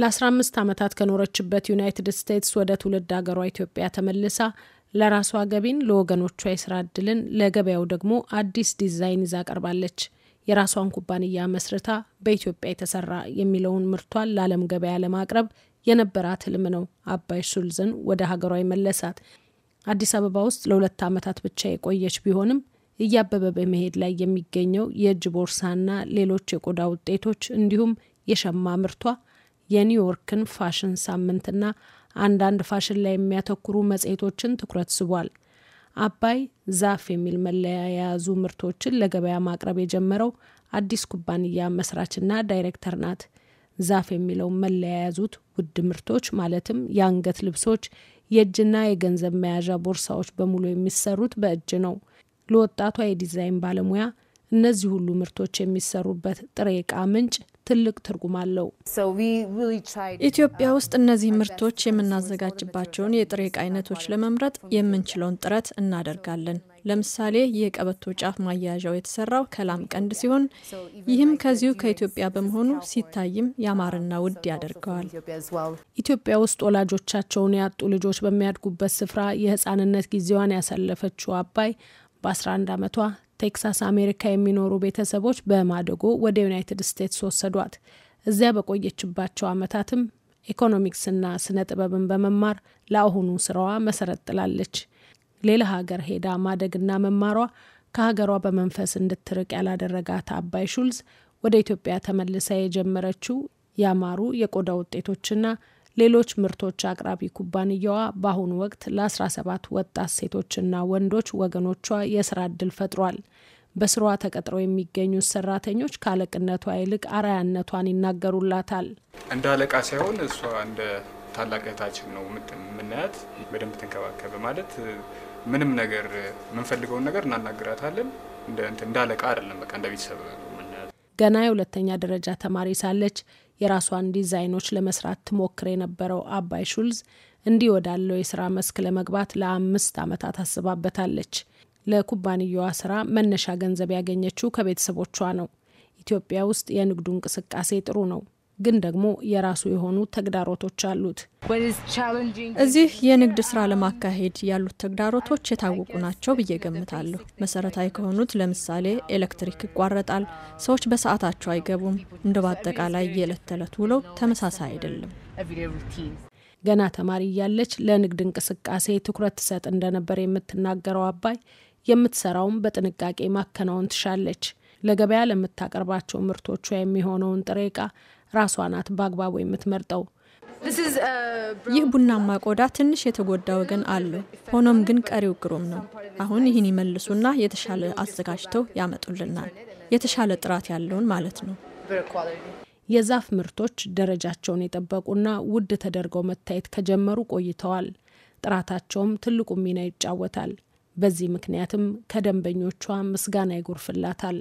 ለ15 ዓመታት ከኖረችበት ዩናይትድ ስቴትስ ወደ ትውልድ አገሯ ኢትዮጵያ ተመልሳ ለራሷ ገቢን፣ ለወገኖቿ የስራ እድልን፣ ለገበያው ደግሞ አዲስ ዲዛይን ይዛ ቀርባለች። የራሷን ኩባንያ መስርታ በኢትዮጵያ የተሰራ የሚለውን ምርቷን ለዓለም ገበያ ለማቅረብ የነበራት ህልም ነው አባይ ሹልዝን ወደ ሀገሯ የመለሳት። አዲስ አበባ ውስጥ ለሁለት ዓመታት ብቻ የቆየች ቢሆንም እያበበ በመሄድ ላይ የሚገኘው የእጅ ቦርሳና ሌሎች የቆዳ ውጤቶች እንዲሁም የሸማ ምርቷ የኒውዮርክን ፋሽን ሳምንትና አንዳንድ ፋሽን ላይ የሚያተኩሩ መጽሔቶችን ትኩረት ስቧል። አባይ ዛፍ የሚል መለያ የያዙ ምርቶችን ለገበያ ማቅረብ የጀመረው አዲስ ኩባንያ መስራችና ዳይሬክተር ናት። ዛፍ የሚለው መለያ የያዙት ውድ ምርቶች ማለትም የአንገት ልብሶች፣ የእጅና የገንዘብ መያዣ ቦርሳዎች በሙሉ የሚሰሩት በእጅ ነው። ለወጣቷ የዲዛይን ባለሙያ እነዚህ ሁሉ ምርቶች የሚሰሩበት ጥሬ ዕቃ ምንጭ ትልቅ ትርጉም አለው። ኢትዮጵያ ውስጥ እነዚህ ምርቶች የምናዘጋጅባቸውን የጥሬ ዕቃ አይነቶች ለመምረጥ የምንችለውን ጥረት እናደርጋለን። ለምሳሌ የቀበቶ ጫፍ ማያያዣው የተሰራው ከላም ቀንድ ሲሆን ይህም ከዚሁ ከኢትዮጵያ በመሆኑ ሲታይም ያማረና ውድ ያደርገዋል። ኢትዮጵያ ውስጥ ወላጆቻቸውን ያጡ ልጆች በሚያድጉበት ስፍራ የህፃንነት ጊዜዋን ያሳለፈችው አባይ በ11 ዓመቷ ቴክሳስ አሜሪካ የሚኖሩ ቤተሰቦች በማደጎ ወደ ዩናይትድ ስቴትስ ወሰዷት። እዚያ በቆየችባቸው ዓመታትም ኢኮኖሚክስና ስነ ጥበብን በመማር ለአሁኑ ስራዋ መሰረት ጥላለች። ሌላ ሀገር ሄዳ ማደግና መማሯ ከሀገሯ በመንፈስ እንድትርቅ ያላደረጋት አባይ ሹልዝ ወደ ኢትዮጵያ ተመልሳ የጀመረችው ያማሩ የቆዳ ውጤቶችና ሌሎች ምርቶች አቅራቢ ኩባንያዋ በአሁኑ ወቅት ለ17 ወጣት ሴቶችና ወንዶች ወገኖቿ የስራ ዕድል ፈጥሯል። በስሯ ተቀጥረው የሚገኙት ሰራተኞች ከአለቅነቷ ይልቅ አርአያነቷን ይናገሩላታል። እንደ አለቃ ሳይሆን እሷ እንደ ታላቅ እህታችን ነው የምናያት። በደንብ ትንከባከብ ማለት ምንም ነገር የምንፈልገውን ነገር እናናግራታለን። እንደ አለቃ አይደለም፣ በቃ እንደ ቤተሰብ ነው የምናያት። ገና የሁለተኛ ደረጃ ተማሪ ሳለች የራሷን ዲዛይኖች ለመስራት ትሞክር የነበረው አባይ ሹልዝ እንዲህ ወዳለው የስራ መስክ ለመግባት ለአምስት ዓመታት አስባበታለች። ለኩባንያዋ ስራ መነሻ ገንዘብ ያገኘችው ከቤተሰቦቿ ነው። ኢትዮጵያ ውስጥ የንግዱ እንቅስቃሴ ጥሩ ነው። ግን ደግሞ የራሱ የሆኑ ተግዳሮቶች አሉት። እዚህ የንግድ ስራ ለማካሄድ ያሉት ተግዳሮቶች የታወቁ ናቸው ብዬ ገምታለሁ። መሰረታዊ ከሆኑት ለምሳሌ ኤሌክትሪክ ይቋረጣል፣ ሰዎች በሰዓታቸው አይገቡም። እንደ በአጠቃላይ የዕለት ተዕለት ውለው ተመሳሳይ አይደለም። ገና ተማሪ እያለች ለንግድ እንቅስቃሴ ትኩረት ትሰጥ እንደነበር የምትናገረው አባይ የምትሰራውም በጥንቃቄ ማከናወን ትሻለች። ለገበያ ለምታቀርባቸው ምርቶቿ የሚሆነውን ጥሬ እቃ። ራሷ ናት በአግባቡ የምትመርጠው። uh, ይህ ቡናማ ቆዳ ትንሽ የተጎዳ ወገን አለው። ሆኖም ግን ቀሪው ግሩም ነው። አሁን ይህን ይመልሱና የተሻለ አዘጋጅተው ያመጡልናል። የተሻለ ጥራት ያለውን ማለት ነው። የዛፍ ምርቶች ደረጃቸውን የጠበቁና ውድ ተደርገው መታየት ከጀመሩ ቆይተዋል። ጥራታቸውም ትልቁ ሚና ይጫወታል። በዚህ ምክንያትም ከደንበኞቿ ምስጋና ይጎርፍላታል።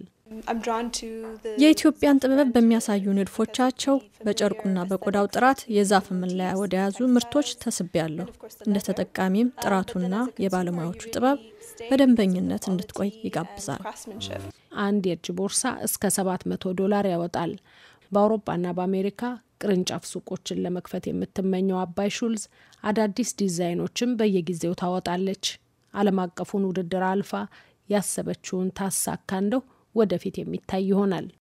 የኢትዮጵያን ጥበብ በሚያሳዩ ንድፎቻቸው በጨርቁና በቆዳው ጥራት የዛፍ መለያ ወደ ያዙ ምርቶች ተስቤያለሁ። እንደ ተጠቃሚም uh, ጥራቱና የባለሙያዎቹ ጥበብ በደንበኝነት እንድትቆይ uh, ይጋብዛል። አንድ የእጅ ቦርሳ እስከ 700 ዶላር ያወጣል። በአውሮፓና በአሜሪካ ቅርንጫፍ ሱቆችን ለመክፈት የምትመኘው አባይ ሹልዝ አዳዲስ ዲዛይኖችን በየጊዜው ታወጣለች። ዓለም አቀፉን ውድድር አልፋ ያሰበችውን ታሳካ እንደው ወደፊት የሚታይ ይሆናል።